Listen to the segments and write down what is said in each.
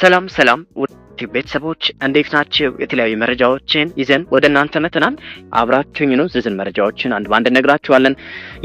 salam ዩቲዩብ ቤተሰቦች እንዴት ናቸው? የተለያዩ መረጃዎችን ይዘን ወደ እናንተ መጥተናል። አብራችሁኝ ነው። ዝርዝር መረጃዎችን አንድ በአንድ እነግራችኋለን።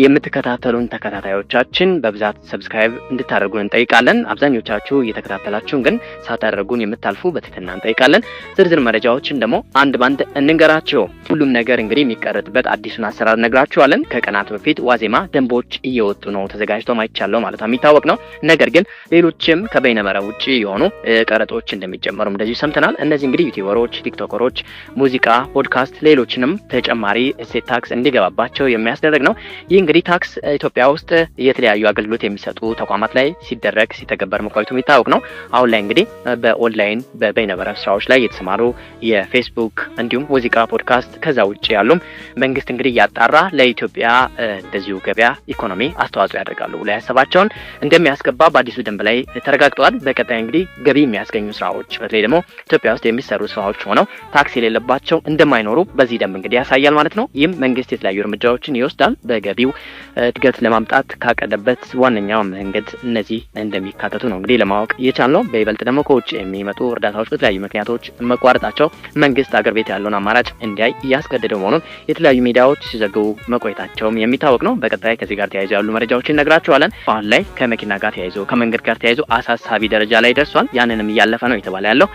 የምትከታተሉን ተከታታዮቻችን በብዛት ሰብስክራይብ እንድታደርጉን እንጠይቃለን። አብዛኞቻችሁ እየተከታተላችሁን ግን ሳታደርጉን የምታልፉ በትህትና እንጠይቃለን። ዝርዝር መረጃዎችን ደግሞ አንድ በአንድ እንንገራቸው። ሁሉም ነገር እንግዲህ የሚቀረጥበት አዲሱን አሰራር እነግራችኋለን። ከቀናት በፊት ዋዜማ ደንቦች እየወጡ ነው፣ ተዘጋጅቶ ማይቻለው ማለት የሚታወቅ ነው። ነገር ግን ሌሎችም ከበይነመረብ ውጭ የሆኑ ቀረጦች እንደሚጨመሩ እንደዚሁ ሰምተናል። እነዚህ እንግዲህ ዩቲዩበሮች፣ ቲክቶከሮች ሙዚቃ፣ ፖድካስት፣ ሌሎችንም ተጨማሪ እሴት ታክስ እንዲገባባቸው የሚያስደረግ ነው። ይህ እንግዲህ ታክስ ኢትዮጵያ ውስጥ የተለያዩ አገልግሎት የሚሰጡ ተቋማት ላይ ሲደረግ ሲተገበር መቆየቱ የሚታወቅ ነው። አሁን ላይ እንግዲህ በኦንላይን በበይነመረብ ስራዎች ላይ የተሰማሩ የፌስቡክ እንዲሁም ሙዚቃ፣ ፖድካስት ከዛ ውጭ ያሉም መንግስት እንግዲህ እያጣራ ለኢትዮጵያ እንደዚሁ ገበያ ኢኮኖሚ አስተዋጽኦ ያደርጋሉ ብሎ ያሰባቸውን እንደሚያስገባ በአዲሱ ደንብ ላይ ተረጋግጠዋል። በቀጣይ እንግዲህ ገቢ የሚያስገኙ ስራዎች በተለይ ደግሞ ደግሞ ኢትዮጵያ ውስጥ የሚሰሩ ስራዎች ሆነው ታክስ የሌለባቸው እንደማይኖሩ በዚህ ደንብ እንግዲህ ያሳያል ማለት ነው። ይህም መንግስት የተለያዩ እርምጃዎችን ይወስዳል። በገቢው እድገት ለማምጣት ካቀደበት ዋነኛው መንገድ እነዚህ እንደሚካተቱ ነው እንግዲህ ለማወቅ የቻልነው። በይበልጥ ደግሞ ከውጭ የሚመጡ እርዳታዎች በተለያዩ ምክንያቶች መቋረጣቸው መንግስት አገር ቤት ያለውን አማራጭ እንዲያይ እያስገደደው መሆኑን የተለያዩ ሚዲያዎች ሲዘግቡ መቆየታቸውም የሚታወቅ ነው። በቀጣይ ከዚህ ጋር ተያይዞ ያሉ መረጃዎች እነግራችኋለን። አሁን ላይ ከመኪና ጋር ተያይዞ ከመንገድ ጋር ተያይዞ አሳሳቢ ደረጃ ላይ ደርሷል። ያንንም እያለፈ ነው የተባለ ያለው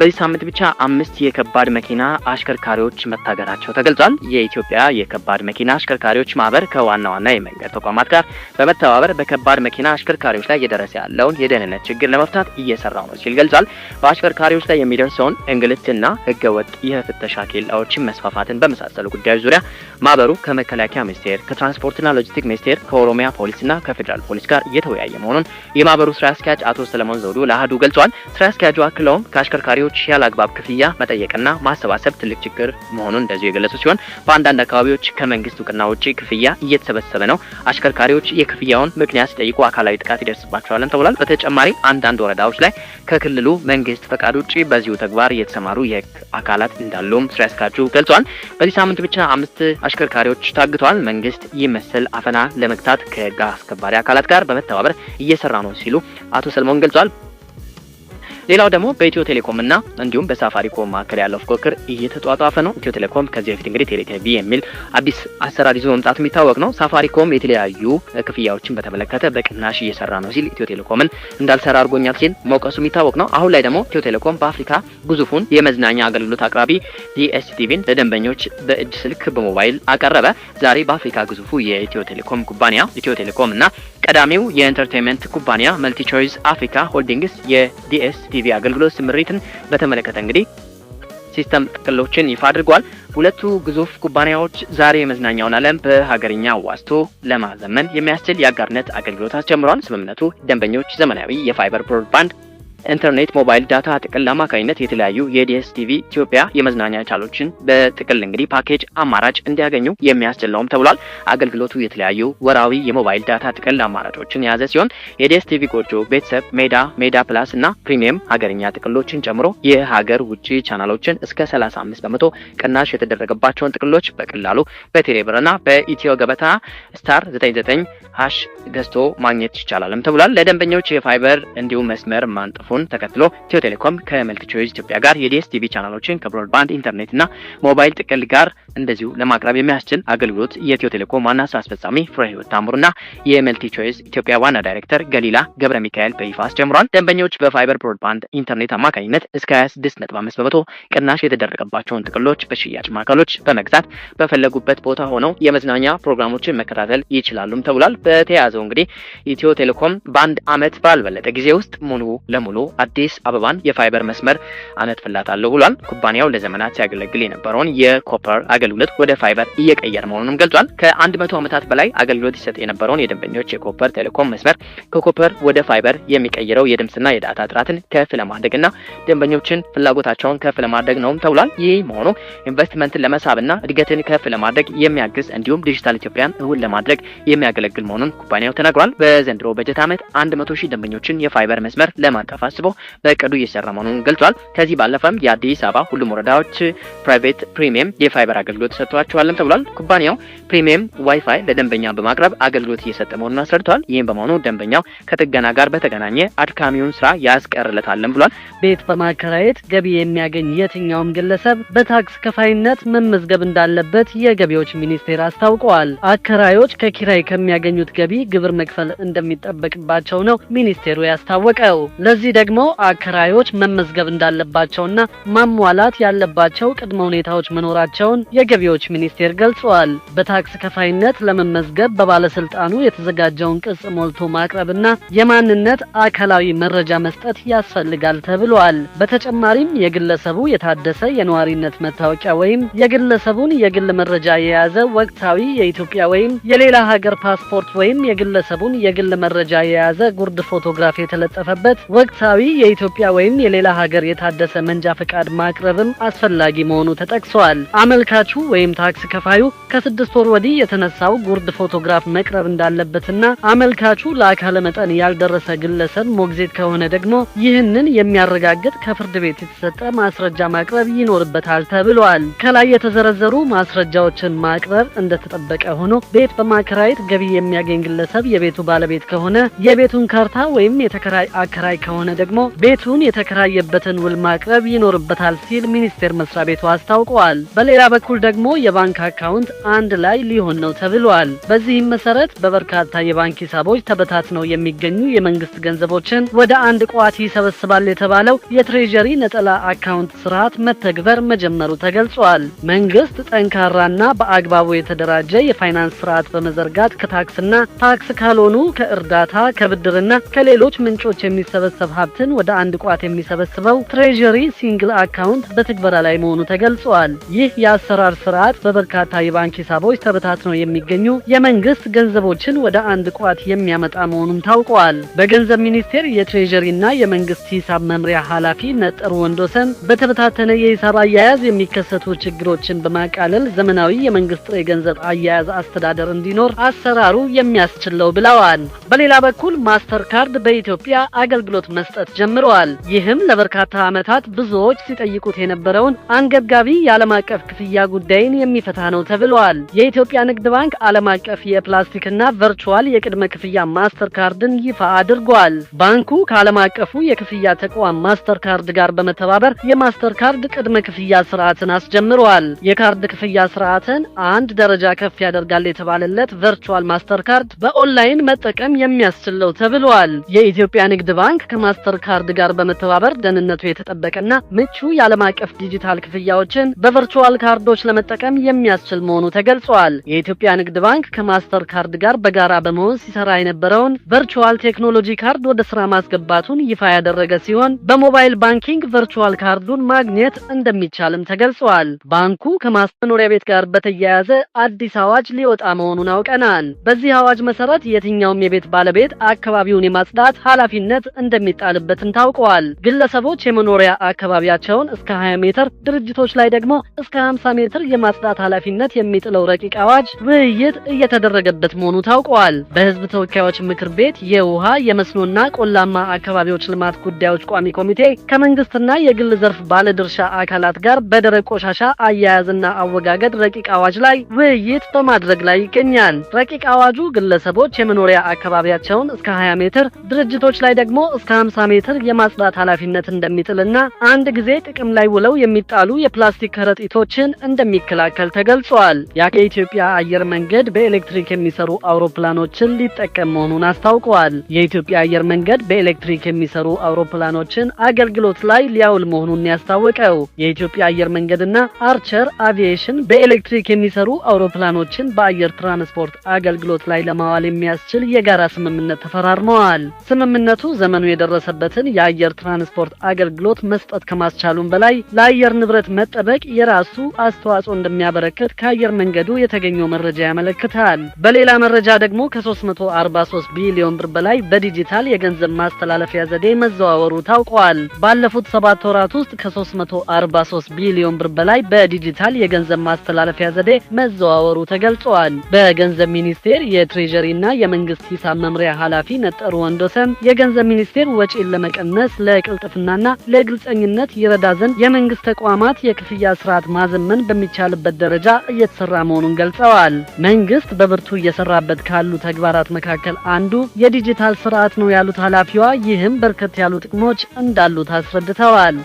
በዚህ ሳምንት ብቻ አምስት የከባድ መኪና አሽከርካሪዎች መታገራቸው ተገልጿል። የኢትዮጵያ የከባድ መኪና አሽከርካሪዎች ማህበር ከዋና ዋና የመንገድ ተቋማት ጋር በመተባበር በከባድ መኪና አሽከርካሪዎች ላይ እየደረሰ ያለውን የደህንነት ችግር ለመፍታት እየሰራ ነው ሲል ገልጿል። በአሽከርካሪዎች ላይ የሚደርሰውን እንግልትና ህገወጥ የፍተሻ ኬላዎችን መስፋፋትን በመሳሰሉ ጉዳዮች ዙሪያ ማህበሩ ከመከላከያ ሚኒስቴር፣ ከትራንስፖርትና ሎጂስቲክ ሚኒስቴር፣ ከኦሮሚያ ፖሊስና ከፌዴራል ፖሊስ ጋር እየተወያየ መሆኑን የማህበሩ ስራ አስኪያጅ አቶ ሰለሞን ዘውዱ ለአህዱ ገልጿል። ስራ አስኪያጁ አክለውም ከአሽከርካሪዎች ያለአግባብ ክፍያ መጠየቅና ማሰባሰብ ትልቅ ችግር መሆኑን እንደዚሁ የገለጹ ሲሆን በአንዳንድ አካባቢዎች ከመንግስት እውቅና ውጪ ክፍያ እየተሰበሰበ ነው። አሽከርካሪዎች የክፍያውን ምክንያት ሲጠይቁ አካላዊ ጥቃት ይደርስባቸዋለን ተብሏል። በተጨማሪ አንዳንድ ወረዳዎች ላይ ከክልሉ መንግስት ፈቃድ ውጭ በዚሁ ተግባር እየተሰማሩ የህግ አካላት እንዳሉም ስራ አስኪያጁ ገልጿል። በዚህ ሳምንት ብቻ አምስት አሽከርካሪዎች ታግተዋል። መንግስት ይህ መሰል አፈና ለመግታት ከህግ አስከባሪ አካላት ጋር በመተባበር እየሰራ ነው ሲሉ አቶ ሰልሞን ገልጿል። ሌላው ደግሞ በኢትዮ ቴሌኮም እና እንዲሁም በሳፋሪኮም መካከል ያለው ፉክክር እየተጧጧፈ ነው። ኢትዮ ቴሌኮም ከዚህ በፊት እንግዲህ ቴሌቲቪ የሚል አዲስ አሰራር ይዞ መምጣት የሚታወቅ ነው። ሳፋሪኮም የተለያዩ ክፍያዎችን በተመለከተ በቅናሽ እየሰራ ነው ሲል ኢትዮ ቴሌኮምን እንዳልሰራ አድርጎኛል ሲል መውቀሱ የሚታወቅ ነው። አሁን ላይ ደግሞ ኢትዮ ቴሌኮም በአፍሪካ ግዙፉን የመዝናኛ አገልግሎት አቅራቢ ዲኤስቲቪን ለደንበኞች በእጅ ስልክ በሞባይል አቀረበ። ዛሬ በአፍሪካ ግዙፉ የኢትዮ ቴሌኮም ኩባንያ ኢትዮ ቴሌኮም እና ቀዳሚው የኢንተርቴንመንት ኩባንያ ቾይስ አፍሪካ ሆልዲንግስ የዲኤስ ቲቪ አገልግሎት ስምሪትን በተመለከተ እንግዲህ ሲስተም ጥቅሎችን ይፋ አድርጓል። ሁለቱ ግዙፍ ኩባንያዎች ዛሬ የመዝናኛውን ዓለም በሀገርኛ ዋስቶ ለማዘመን የሚያስችል የአጋርነት አገልግሎት አስጀምሯል። ስምምነቱ ደንበኞች ዘመናዊ የፋይበር ብሮድባንድ ኢንተርኔት፣ ሞባይል ዳታ ጥቅል አማካኝነት የተለያዩ የዲኤስቲቪ ኢትዮጵያ የመዝናኛ ቻሎችን በጥቅል እንግዲህ ፓኬጅ አማራጭ እንዲያገኙ የሚያስችል ነውም ተብሏል። አገልግሎቱ የተለያዩ ወራዊ የሞባይል ዳታ ጥቅል አማራጮችን የያዘ ሲሆን የዲኤስቲቪ ጎጆ፣ ቤተሰብ፣ ሜዳ፣ ሜዳ ፕላስ እና ፕሪሚየም ሀገርኛ ጥቅሎችን ጨምሮ የሀገር ውጭ ቻናሎችን እስከ 35 በመቶ ቅናሽ የተደረገባቸውን ጥቅሎች በቀላሉ በቴሌብር እና በኢትዮ ገበታ ስታር 99 ሀሽ ገዝቶ ማግኘት ይቻላልም ተብሏል። ለደንበኞች የፋይበር እንዲሁም መስመር ማንጠፉ መለቀቁን ተከትሎ ኢትዮ ቴሌኮም ከመልክቾይዝ ኢትዮጵያ ጋር የዲኤስ ቲቪ ቻናሎችን ከብሮድባንድ ኢንተርኔት እና ሞባይል ጥቅል ጋር እንደዚሁ ለማቅረብ የሚያስችል አገልግሎት የኢትዮ ቴሌኮም ዋና ስራ አስፈጻሚ ፍሬ ህይወት የመልቲ የመልቲቾይዝ ኢትዮጵያ ዋና ዳይሬክተር ገሊላ ገብረ ሚካኤል በይፋ አስጀምሯል። ደንበኞች በፋይበር ብሮድባንድ ኢንተርኔት አማካኝነት እስከ 5 በመቶ ቅናሽ የተደረገባቸውን ጥቅሎች በሽያጭ ማዕከሎች በመግዛት በፈለጉበት ቦታ ሆነው የመዝናኛ ፕሮግራሞችን መከታተል ይችላሉም ተብሏል። በተያያዘው እንግዲህ ኢትዮ ቴሌኮም በአንድ ዓመት ባልበለጠ ጊዜ ውስጥ ሙሉ ለሙሉ አዲስ አበባን የፋይበር መስመር አነጥፍላታለሁ ብሏል። ኩባንያው ለዘመናት ሲያገለግል የነበረውን የኮፐር አገልግሎት ወደ ፋይበር እየቀየረ መሆኑንም ገልጿል። ከ100 ዓመታት በላይ አገልግሎት ይሰጥ የነበረውን የደንበኞች የኮፐር ቴሌኮም መስመር ከኮፐር ወደ ፋይበር የሚቀይረው የድምፅና የዳታ ጥራትን ከፍ ለማድረግና ደንበኞችን ፍላጎታቸውን ከፍ ለማድረግ ነውም ተብሏል። ይህ መሆኑ ኢንቨስትመንትን ለመሳብና እድገትን ከፍ ለማድረግ የሚያግዝ እንዲሁም ዲጂታል ኢትዮጵያን እውን ለማድረግ የሚያገለግል መሆኑን ኩባንያው ተናግሯል። በዘንድሮ በጀት ዓመት 100 ሺህ ደንበኞችን የፋይበር መስመር ለማንቀፋት ተሰብስበው በእቅዱ እየሰራ መሆኑን ገልጿል። ከዚህ ባለፈም የአዲስ አበባ ሁሉም ወረዳዎች ፕራይቬት ፕሪሚየም የፋይበር አገልግሎት ተሰጥቷቸዋልም ተብሏል። ኩባንያው ፕሪሚየም ዋይፋይ ለደንበኛ በማቅረብ አገልግሎት እየሰጠ መሆኑን አስረድቷል። ይህም በመሆኑ ደንበኛው ከጥገና ጋር በተገናኘ አድካሚውን ስራ ያስቀርለታለን ብሏል። ቤት በማከራየት ገቢ የሚያገኝ የትኛውም ግለሰብ በታክስ ከፋይነት መመዝገብ እንዳለበት የገቢዎች ሚኒስቴር አስታውቀዋል። አከራዮች ከኪራይ ከሚያገኙት ገቢ ግብር መክፈል እንደሚጠበቅባቸው ነው ሚኒስቴሩ ያስታወቀው። ለዚህ ደግሞ አከራዮች መመዝገብ እንዳለባቸውና ማሟላት ያለባቸው ቅድመ ሁኔታዎች መኖራቸውን የገቢዎች ሚኒስቴር ገልጸዋል። በታክስ ከፋይነት ለመመዝገብ በባለስልጣኑ የተዘጋጀውን ቅጽ ሞልቶ ማቅረብና የማንነት አካላዊ መረጃ መስጠት ያስፈልጋል ተብሏል። በተጨማሪም የግለሰቡ የታደሰ የነዋሪነት መታወቂያ ወይም የግለሰቡን የግል መረጃ የያዘ ወቅታዊ የኢትዮጵያ ወይም የሌላ ሀገር ፓስፖርት ወይም የግለሰቡን የግል መረጃ የያዘ ጉርድ ፎቶግራፍ የተለጠፈበት ወቅት ወቅታዊ የኢትዮጵያ ወይም የሌላ ሀገር የታደሰ መንጃ ፈቃድ ማቅረብም አስፈላጊ መሆኑ ተጠቅሷል። አመልካቹ ወይም ታክስ ከፋዩ ከስድስት ወር ወዲህ የተነሳው ጉርድ ፎቶግራፍ መቅረብ እንዳለበትና አመልካቹ ለአካለ መጠን ያልደረሰ ግለሰብ ሞግዚት ከሆነ ደግሞ ይህንን የሚያረጋግጥ ከፍርድ ቤት የተሰጠ ማስረጃ ማቅረብ ይኖርበታል ተብሏል። ከላይ የተዘረዘሩ ማስረጃዎችን ማቅረብ እንደተጠበቀ ሆኖ ቤት በማከራየት ገቢ የሚያገኝ ግለሰብ የቤቱ ባለቤት ከሆነ የቤቱን ካርታ ወይም የተከራይ አከራይ ከሆነ ደግሞ ቤቱን የተከራየበትን ውል ማቅረብ ይኖርበታል ሲል ሚኒስቴር መስሪያ ቤቱ አስታውቀዋል። በሌላ በኩል ደግሞ የባንክ አካውንት አንድ ላይ ሊሆን ነው ተብሏል። በዚህም መሰረት በበርካታ የባንክ ሂሳቦች ተበታትነው የሚገኙ የመንግስት ገንዘቦችን ወደ አንድ ቋት ይሰበስባል የተባለው የትሬጀሪ ነጠላ አካውንት ስርዓት መተግበር መጀመሩ ተገልጿል። መንግስት ጠንካራና በአግባቡ የተደራጀ የፋይናንስ ስርዓት በመዘርጋት ከታክስና ታክስ ካልሆኑ ከእርዳታ ከብድርና ከሌሎች ምንጮች የሚሰበሰብ ሀብትን ወደ አንድ ቋት የሚሰበስበው ትሬዥሪ ሲንግል አካውንት በትግበራ ላይ መሆኑ ተገልጿል። ይህ የአሰራር ስርዓት በበርካታ የባንክ ሂሳቦች ተበታትነው የሚገኙ የመንግስት ገንዘቦችን ወደ አንድ ቋት የሚያመጣ መሆኑም ታውቋል። በገንዘብ ሚኒስቴር የትሬዥሪና የመንግስት ሂሳብ መምሪያ ኃላፊ ነጠሩ ወንዶሰን በተበታተነ የሂሳብ አያያዝ የሚከሰቱ ችግሮችን በማቃለል ዘመናዊ የመንግስት ጥሬ ገንዘብ አያያዝ አስተዳደር እንዲኖር አሰራሩ የሚያስችለው ብለዋል። በሌላ በኩል ማስተር ካርድ በኢትዮጵያ አገልግሎት መስ መስጠት ጀምረዋል። ይህም ለበርካታ ዓመታት ብዙዎች ሲጠይቁት የነበረውን አንገብጋቢ የዓለም አቀፍ ክፍያ ጉዳይን የሚፈታ ነው ተብለዋል። የኢትዮጵያ ንግድ ባንክ ዓለም አቀፍ የፕላስቲክና ቨርቹዋል የቅድመ ክፍያ ማስተር ካርድን ይፋ አድርጓል። ባንኩ ከዓለም አቀፉ የክፍያ ተቋም ማስተር ካርድ ጋር በመተባበር የማስተር ካርድ ቅድመ ክፍያ ስርዓትን አስጀምረዋል። የካርድ ክፍያ ስርዓትን አንድ ደረጃ ከፍ ያደርጋል የተባለለት ቨርቹዋል ማስተር ካርድ በኦንላይን መጠቀም የሚያስችለው ተብለዋል። የኢትዮጵያ ንግድ ባንክ ከማስተር ማስተር ካርድ ጋር በመተባበር ደህንነቱ የተጠበቀና ምቹ የዓለም አቀፍ ዲጂታል ክፍያዎችን በቨርቹዋል ካርዶች ለመጠቀም የሚያስችል መሆኑ ተገልጿል። የኢትዮጵያ ንግድ ባንክ ከማስተር ካርድ ጋር በጋራ በመሆን ሲሰራ የነበረውን ቨርቹዋል ቴክኖሎጂ ካርድ ወደ ስራ ማስገባቱን ይፋ ያደረገ ሲሆን በሞባይል ባንኪንግ ቨርቹዋል ካርዱን ማግኘት እንደሚቻልም ተገልጿል። ባንኩ ከማስተኖሪያ ቤት ጋር በተያያዘ አዲስ አዋጅ ሊወጣ መሆኑን አውቀናል። በዚህ አዋጅ መሰረት የትኛውም የቤት ባለቤት አካባቢውን የማጽዳት ኃላፊነት እንደሚጣል እንደሚጣልበትም ታውቀዋል። ግለሰቦች የመኖሪያ አካባቢያቸውን እስከ 20 ሜትር፣ ድርጅቶች ላይ ደግሞ እስከ 50 ሜትር የማጽዳት ኃላፊነት የሚጥለው ረቂቅ አዋጅ ውይይት እየተደረገበት መሆኑ ታውቀዋል። በህዝብ ተወካዮች ምክር ቤት የውሃ የመስኖና ቆላማ አካባቢዎች ልማት ጉዳዮች ቋሚ ኮሚቴ ከመንግስትና የግል ዘርፍ ባለድርሻ አካላት ጋር በደረቅ ቆሻሻ አያያዝና አወጋገድ ረቂቅ አዋጅ ላይ ውይይት በማድረግ ላይ ይገኛል። ረቂቅ አዋጁ ግለሰቦች የመኖሪያ አካባቢያቸውን እስከ 20 ሜትር፣ ድርጅቶች ላይ ደግሞ እስከ 50 ሜትር የማጽዳት ኃላፊነት እንደሚጥልና አንድ ጊዜ ጥቅም ላይ ውለው የሚጣሉ የፕላስቲክ ከረጢቶችን እንደሚከላከል ተገልጿል። የኢትዮጵያ አየር መንገድ በኤሌክትሪክ የሚሰሩ አውሮፕላኖችን ሊጠቀም መሆኑን አስታውቀዋል። የኢትዮጵያ አየር መንገድ በኤሌክትሪክ የሚሰሩ አውሮፕላኖችን አገልግሎት ላይ ሊያውል መሆኑን ያስታወቀው የኢትዮጵያ አየር መንገድና አርቸር አቪዬሽን በኤሌክትሪክ የሚሰሩ አውሮፕላኖችን በአየር ትራንስፖርት አገልግሎት ላይ ለማዋል የሚያስችል የጋራ ስምምነት ተፈራርመዋል። ስምምነቱ ዘመኑ የደረሰ የደረሰበትን የአየር ትራንስፖርት አገልግሎት መስጠት ከማስቻሉም በላይ ለአየር ንብረት መጠበቅ የራሱ አስተዋጽኦ እንደሚያበረክት ከአየር መንገዱ የተገኘው መረጃ ያመለክታል። በሌላ መረጃ ደግሞ ከ343 ቢሊዮን ብር በላይ በዲጂታል የገንዘብ ማስተላለፊያ ዘዴ መዘዋወሩ ታውቋል። ባለፉት ሰባት ወራት ውስጥ ከ343 ቢሊዮን ብር በላይ በዲጂታል የገንዘብ ማስተላለፊያ ዘዴ መዘዋወሩ ተገልጿል። በገንዘብ ሚኒስቴር የትሬጀሪ እና የመንግስት ሂሳብ መምሪያ ኃላፊ ነጠሩ ወንዶሰን የገንዘብ ሚኒስቴር ወጪ ወጪን ለመቀነስ ለቅልጥፍናና ለግልጸኝነት ይረዳ ዘንድ የመንግስት ተቋማት የክፍያ ስርዓት ማዘመን በሚቻልበት ደረጃ እየተሰራ መሆኑን ገልጸዋል። መንግስት በብርቱ እየሰራበት ካሉ ተግባራት መካከል አንዱ የዲጂታል ስርዓት ነው ያሉት ኃላፊዋ፣ ይህም በርከት ያሉ ጥቅሞች እንዳሉት አስረድተዋል።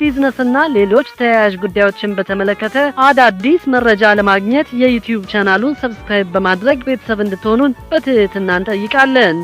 ቢዝነስና ሌሎች ተያያዥ ጉዳዮችን በተመለከተ አዳዲስ መረጃ ለማግኘት የዩቲዩብ ቻናሉን ሰብስክራይብ በማድረግ ቤተሰብ እንድትሆኑን በትህትና እንጠይቃለን።